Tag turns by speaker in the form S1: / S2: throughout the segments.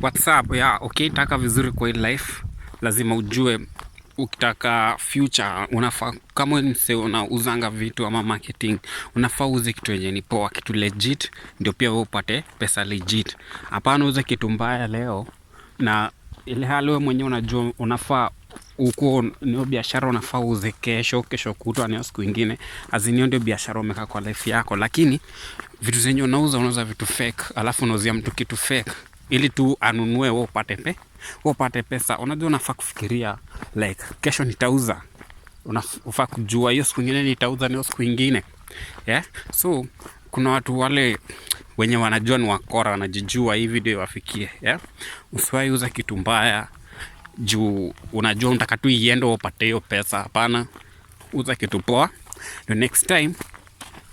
S1: WhatsApp ya yeah, okay, taka vizuri kwa hii life lazima ujue ukitaka future unafaa kama mse unauzanga vitu ama marketing, unafaa uze kitu yenye ni poa, kitu legit, ndio pia wewe upate pesa legit. Hapana uze kitu mbaya leo, na ile hali wewe mwenyewe unajua unafaa uko nio biashara unafaa uze kesho, kesho kutwa, ni siku nyingine azinio ndio biashara umeka kwa life yako. Lakini vitu zenye unauza unauza vitu fake, alafu unauzia mtu kitu fake ili tu anunue, wewe upate pe wewe upate pesa. Unajua, unafaa kufikiria like kesho nitauza, unafaa kujua hiyo siku nyingine nitauza, niyo siku nyingine yeah. So kuna watu wale wenye wanajua ni wakora, wanajijua hii video iwafikie yeah. Usiwahi uza kitu mbaya juu unajua unataka tu iende upate hiyo pesa. Hapana, uza kitu poa, the next time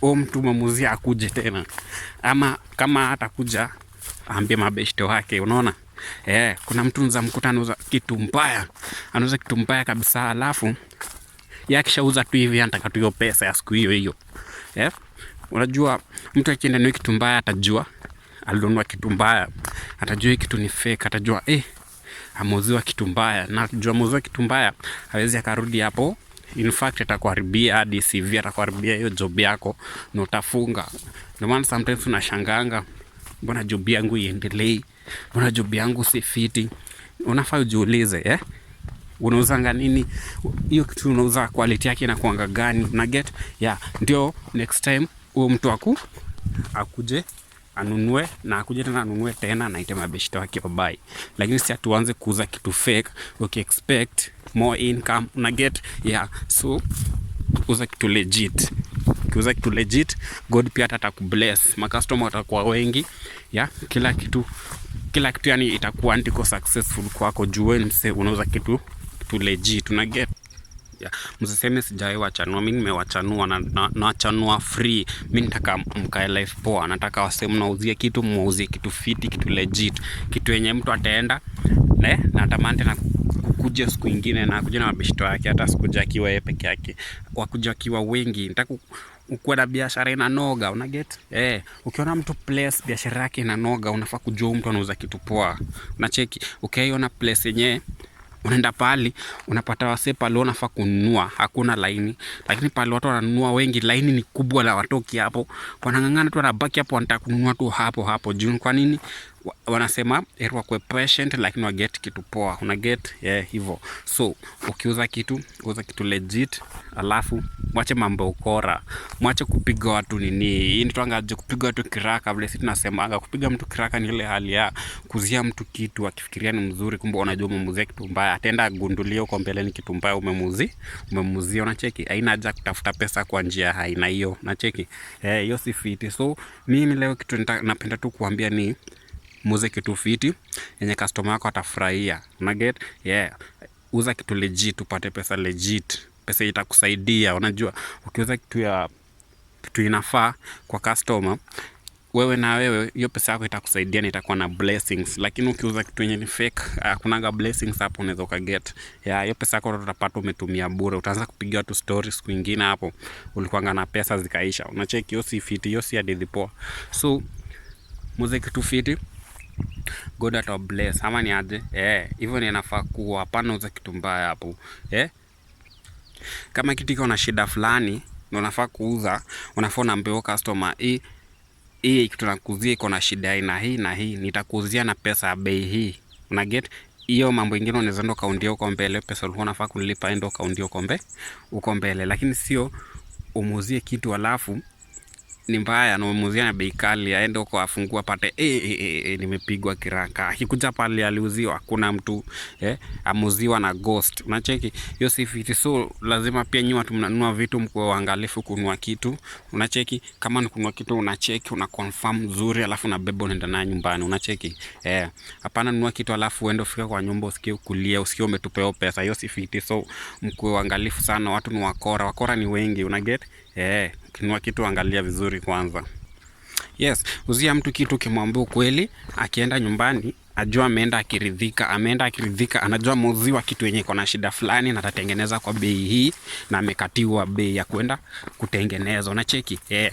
S1: huo mtu mwamuzi akuje tena, ama kama atakuja Aambie mabeshto wake, unaona eh, kuna mtu nza mkutano anauza kitu mbaya, anauza kitu mbaya kabisa, alafu yakishauza tu hivi anataka tu hiyo pesa ya siku hiyo hiyo eh. Unajua mtu akienda na kitu mbaya atajua alinunua kitu mbaya, atajua kitu ni fake, atajua eh, ameuziwa kitu mbaya, na jua ameuziwa kitu mbaya, hawezi akarudi hapo. In fact atakuharibia hadi CV, atakuharibia hiyo job yako na utafunga. Ndio maana sometimes unashanganga mbona job yangu iendelei? Mbona job yangu si fiti? Unafaa ujiulize eh? Unauzanga nini? Hiyo kitu unauza quality yake inakuanga gani? Una get yeah. Ndio next time huyo mtu aku akuje anunue na akuje tena anunue tena na ite mabeshte wake wabai, lakini si atuanze kuuza kitu fake uki expect more income una get yeah, so uza kitu legit ukiuza kitu legit, God pia hata atakubless, makastoma watakuwa wengi ya kila kitu, kila kitu yani itakuwa ndiko successful kwako, juu mse unauza kitu kitu legit, una get Yeah. Msiseme sijawai wachanua, mi nimewachanua na, na, nachanua free. Mi nataka mkae life poa, nataka wase mnauzie kitu mwauzie kitu fiti, kitu legit, kitu yenye mtu ataenda ne natamani tena kuja siku ingine na kuja na mabishto yake, hata sikuja akiwa yeye peke yake, wakuja akiwa wengi. nataka ukuwe na biashara inanoga, una get eh. Ukiona mtu place biashara yake inanoga, unafaa kujua mtu anauza kitu poa, cheki Ukiona place yenyewe unaenda pali unapata wase pale unafaa kununua, hakuna laini, lakini pale watu wananunua wengi, laini ni kubwa la watoki hapo, wanang'ang'ana tu, wanabaki hapo, wanataka kununua tu hapo hapo juu. Kwa nini? wanasema erwa kwe patient lakini wa get kitu poa, una get yeah, hivyo. So ukiuza kitu uza kitu legit, alafu mwache mambo ukora, mwache kupiga watu nini. Hii ni tuangaje kupiga watu kiraka vile sisi tunasemaga. Kupiga mtu kiraka ni ile hali ya kuzia mtu kitu akifikiria ni mzuri, kumbe unajua umemuzia kitu mbaya, atenda agundulie uko mbele ni kitu mbaya umemuzi umemuzia. Unacheki, haina haja kutafuta pesa kwa njia haina hiyo, unacheki eh, hiyo si fiti. So mimi leo kitu napenda tu kuambia ni muze kitu fiti yenye customer yako atafurahia. get? Yeah. Uza kitu legit, upate pesa legit. Pesa itakusaidia. Unajua, ukiuza kitu ya kitu inafaa kwa customer wewe na wewe, hiyo pesa yako itakusaidia na itakuwa na blessings. Lakini ukiuza kitu yenye ni fake, hakunaga ah, blessings hapo, unaweza ukaget. Ya hiyo pesa yako utapata umetumia bure, utaanza kupigia watu stories. Siku nyingine hapo ulikuanga na pesa zikaisha. Unacheki, hiyo si fiti, hiyo si hadithi poa. So muuze kitu fiti God bless. ama ni aje? Eh, hivyo ni nafaa kuwa hapana, uza kitu mbaya hapo. Eh, kama kitu kiko na shida fulani na unafaa kuuza, unafaa unaambia customer hii hii kitu nakuzia iko na shida aina hii na hii, nitakuuzia na pesa ya bei hii, una get hiyo mambo ingine unaweza ndo kaunti uko mbele, pesa ulikuwa unafaa kulipa ndo kaunti mbele, uko mbele, lakini sio umuuzie kitu alafu ni mbaya, anamuuzia na bei kali, aende huko afungua pate e, eh, e, eh, e, eh, e, nimepigwa kiraka. Akikuja pale aliuziwa, kuna mtu eh, amuziwa na ghost. Unacheki hiyo si fiti, so lazima pia nyinyi watu mnanunua vitu mkuwe waangalifu kunua kitu. Unacheki kama ni kunua kitu, unacheki una confirm nzuri, alafu na bebo unaenda nayo nyumbani. Unacheki eh, hapana nunua kitu alafu uende ufika kwa nyumba usikie kulia, usikie umetupewa pesa. Hiyo si fiti, so mkuwe waangalifu sana. Watu ni wakora, wakora ni wengi, una get Eh, kinua kitu angalia vizuri kwanza. Yes, uzia mtu kitu kimwambia ukweli, akienda nyumbani ajua ameenda akiridhika, ameenda akiridhika, anajua ameuziwa kitu yenye iko na shida fulani na atatengeneza kwa bei hii na amekatiwa bei ya kwenda kutengeneza. Unacheki? Eh,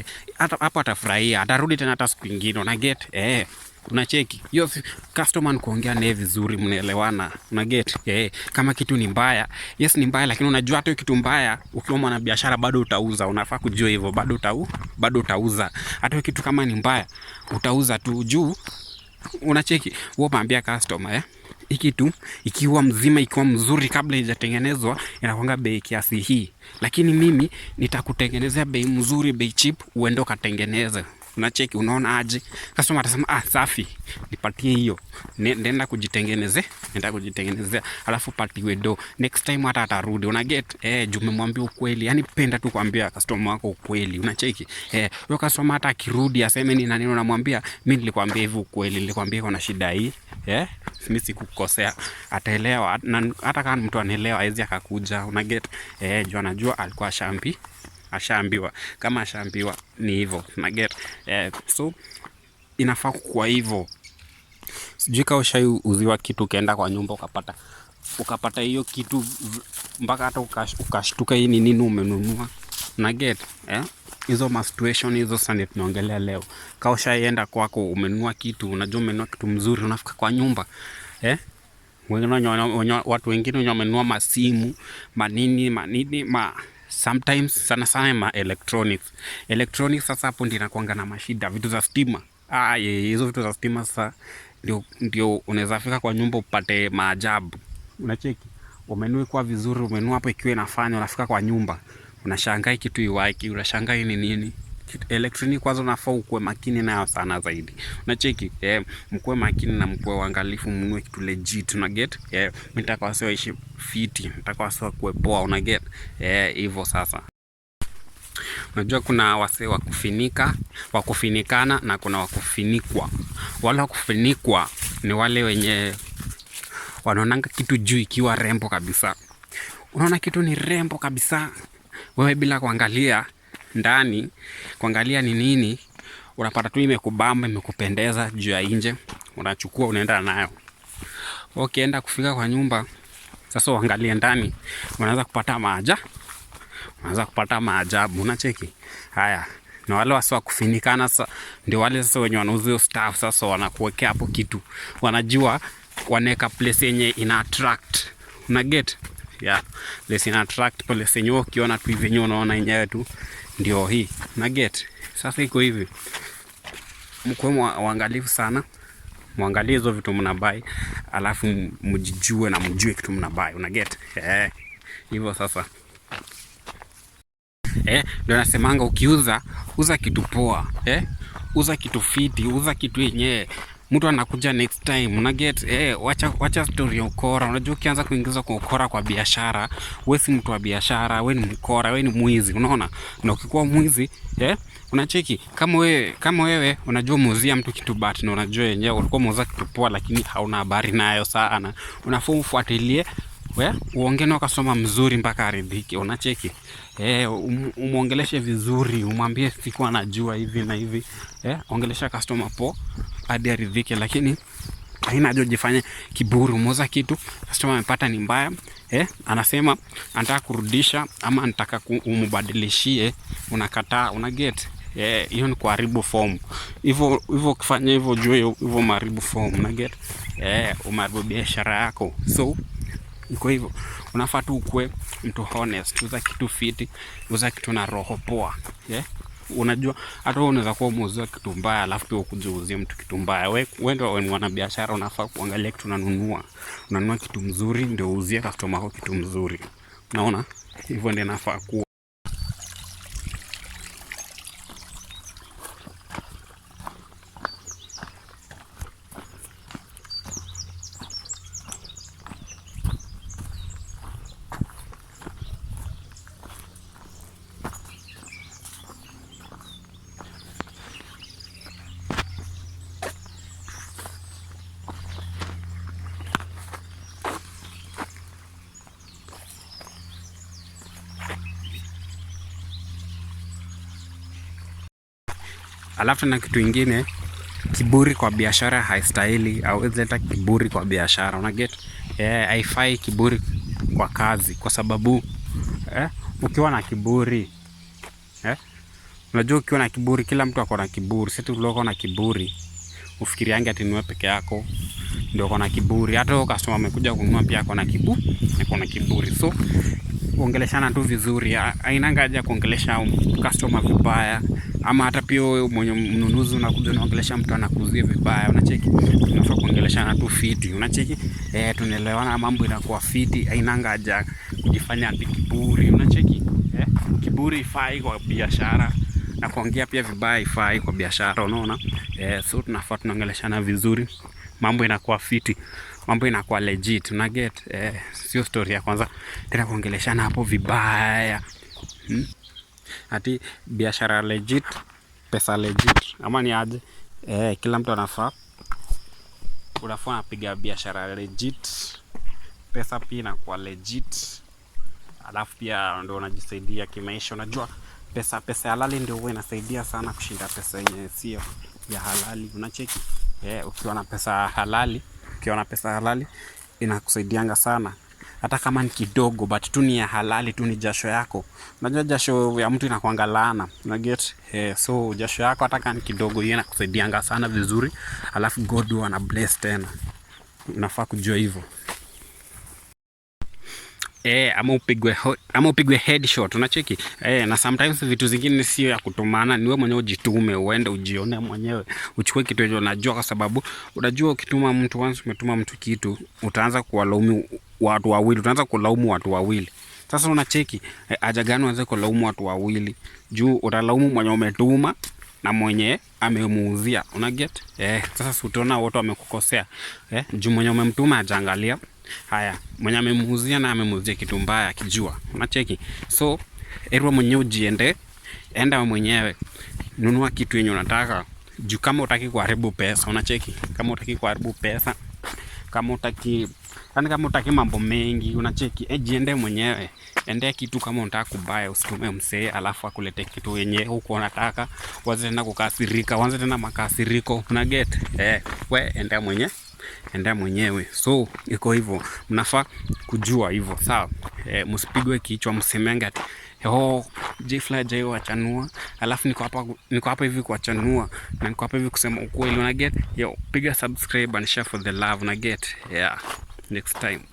S1: hapo atafurahia, atarudi tena hata siku nyingine. Una get? Eh unacheki hiyo customer ni kuongea naye vizuri, mnaelewana, una get yeah. Kama kitu ni mbaya, yes ni mbaya, lakini unajua hata kitu mbaya, ukiwa mwana biashara bado utauza. Unafaa kujua hivyo, bado utau, bado utauza. Hata kitu kama ni mbaya, utauza tu juu, unacheki wewe, mwambia customer yeah hii kitu ikiwa mzima ikiwa mzuri kabla haijatengenezwa inakwanga bei kiasi hii, lakini mimi nitakutengenezea bei mzuri, bei chip, uende ukatengeneze unacheki, unaona aje? Customer atasema ah, safi, nipatie hiyo, nenda kujitengeneze, nenda kujitengenezea, alafu patiwe do. Next time hata atarudi, una get eh, jume mwambie ukweli, yani penda tu kuambia customer wako ukweli, unacheki eh, wewe customer hata akirudi aseme ni nani, unamwambia mimi nilikwambia hivi ukweli, nilikwambia kuna shida hii eh, mimi sikukosea, ataelewa. Hata kama mtu anaelewa, aezi akakuja, una get eh, jua anajua alikuwa shambi ashaambiwa, kama ashaambiwa ni hivyo naget yeah. so inafaa kukuwa hivyo. Sijui kaa ushai uziwa kitu ukaenda kwa nyumba ukapata ukapata hiyo kitu mpaka hata ukashtuka, hii ni nini umenunua? Naget eh? Hizo mastuation hizo sana tunaongelea leo. kaa ushaienda kwako umenunua kitu, unajua umenunua kitu mzuri, unafika kwa nyumba eh? Wengine watu wengine wenye wamenunua masimu manini manini ma sometimes sana sana ma electronics electronics. Sasa hapo ndio inakuanga na mashida, vitu za stima. Ah, hizo vitu za stima sasa ndio ndio unaweza fika kwa nyumba upate maajabu. Unacheki umenui kwa vizuri, umenua hapo ikiwa inafanya, unafika kwa nyumba unashangaa kitu iwaki, unashangaa ni nini elektroniki kwanza unafaa ukuwe makini nayo sana zaidi. Unacheki eh, mkuwe makini na mkuwe uangalifu, mnunue kitu legit, una get eh, mtaka wasi waishi fiti, mtaka wasi wakuwe poa, una get eh, hivyo sasa. Unajua kuna wase wa kufinika, wa kufinikana na kuna wa kufinikwa. Wale wa kufinikwa ni wale wenye wanaonanga kitu juu ikiwa rembo kabisa. Unaona kitu ni rembo kabisa, wewe bila kuangalia ndani kuangalia ni nini, unapata tu imekubamba imekupendeza juu ya nje, unachukua unaenda nayo. Ukienda kufika kwa nyumba sasa, uangalie ndani, unaweza kupata maaja, unaweza kupata maajabu. Unacheki haya na wale wasi wa kufinikana ndio wale sasa wenye wanauzi staff. Sasa wanakuwekea hapo kitu, wanajua wanaweka place yenye ina attract, una get yeah. Less ina attract pale senyo, ukiona tu hivi nyo, unaona yenyewe tu ndio hii. Na get. Sasa iko hivi. Mkuwe mwangalifu sana. Mwangalie hizo vitu mnabai, alafu mjijue na mjue kitu buy, Una get? Eh. Hivyo sasa. Eh, ndio nasemanga ukiuza, uza kitu poa. Eh? Uza kitu fiti, uza kitu yenyewe mtu anakuja next time una get eh, wacha, wacha story ya ukora. Unajua, ukianza kuingiza kwa ukora kwa biashara, wewe si mtu wa biashara, wewe ni mkora, wewe ni mwizi, unaona. Na ukikuwa mwizi eh, unacheki kama wewe kama wewe unajua muuzia mtu kitu but na unajua yenyewe ulikuwa muuza kitu poa, lakini hauna habari nayo sana, unafaa ufuatilie we eh, uongee na ukasoma mzuri mpaka aridhike, unacheki eh, um, umuongeleshe vizuri, umwambie siku anajua hivi na hivi eh, ongelesha customer po hadi aridhike, lakini haina haja ujifanye kiburi. Umeuza kitu customer amepata ni mbaya eh, anasema anataka kurudisha ama anataka umubadilishie, unakataa, una get eh, hiyo yeah, ni kuharibu form hivyo hivyo. Ukifanya hivyo juu hivyo umeharibu form na get eh, umeharibu biashara yako. So iko hivyo, unafaa tu ukue mtu honest, uza kitu fiti, uza kitu na roho poa yeah unajua hata wewe unaweza kuwa umeuziwa kitu mbaya, alafu pia ukuje uuzie mtu kitu mbaya. Wewe wewe ni mwanabiashara, unafaa kuangalia kitu unanunua, unanunua kitu mzuri ndio uuzie customer wako kitu mzuri. Unaona, hivyo ndio inafaa kuwa. Alafu na kitu ingine, kiburi kwa biashara haistahili, au ileta kiburi kwa biashara, una get eh, haifai. Yeah, kiburi kwa kazi, kwa sababu eh, ukiwa na kiburi eh, unajua ukiwa na kiburi, kila mtu ako na kiburi, si tulioko na kiburi ufikiriange ati niwe peke yako ndio uko na kiburi. Hata huyo customer amekuja kununua pia ako na kibu ako na kiburi, so ongeleshana tu vizuri, ainanga haja kuongelesha customer vibaya ama hata pia wewe mwenye mnunuzi unakuja unaongelesha mtu anakuzia vibaya, unacheki. Tunafaa kuongeleshana tu fiti, unacheki eh, tunaelewana, mambo inakuwa fiti, hainanga haja kujifanya ati kiburi, unacheki eh, kiburi ifai kwa biashara na kuongea pia vibaya ifai kwa biashara, unaona eh, so tunafaa tunaongeleshana vizuri, mambo inakuwa fiti, mambo inakuwa legit, una get eh, sio story ya kwanza tena kuongeleshana hapo vibaya hmm? ati biashara legit, pesa legit. Ama ni aje? Eh, kila mtu anafaa unafaa anapiga biashara legit, pesa pia inakuwa legit, alafu pia ndio unajisaidia kimaisha. Unajua pesa pesa halali ndio huwa inasaidia sana kushinda pesa yenye sio ya halali. Unacheki eh, ukiwa na pesa halali, ukiwa na pesa halali inakusaidianga sana hata kama ni kidogo, but tu ni ya halali tu, ni jasho yako. Unajua jasho ya mtu inakuanga laana, una get eh? So jasho yako hata kama ni kidogo, hiyo inakusaidianga sana vizuri, alafu God huwa ana bless tena. Unafaa kujua hivyo. E, ama upigwe ama upigwe headshot unacheki. E, na sometimes vitu zingine sio ya kutumana, ni wewe mwenyewe ujitume, uende ujione mwenyewe, uchukue kitu hicho. Unajua, kwa sababu unajua ukituma mtu, once umetuma mtu kitu, utaanza kuwalaumu watu wawili, tunaanza kulaumu watu wawili. Sasa unacheki eh, haja gani uanze kulaumu watu wawili? Juu utalaumu mwenye umetuma na mwenye amemuuzia, una get eh? Sasa si utaona wote wamekukosea eh? Juu mwenye umemtuma ajaangalia haya, mwenye amemuuzia na amemuuzia kitu mbaya akijua, unacheki. So erwa mwenyewe ujiende, enda mwenyewe, nunua kitu yenye unataka juu kama utaki kuharibu pesa, unacheki. Kama utaki kuharibu pesa, kama utaki Yaani kama utaki mambo mengi unacheki, eh, jiende mwenyewe. Endea kitu kama unataka kubaya, usitume msee alafu akulete kitu yenye huko unataka. Wanze tena kukasirika, wanze tena makasiriko. Una get? Eh, we endea mwenyewe. Endea mwenyewe. So iko hivyo. Mnafaa kujua hivyo, sawa? Eh, msipigwe kichwa msemenge ati Yo, Jfly Jay wachanua, alafu niko hapa niko hapa hivi kuwachanua na niko hapa hivi kusema ukweli, una get? Yo, piga subscribe and share for the love, una get? Yeah. next time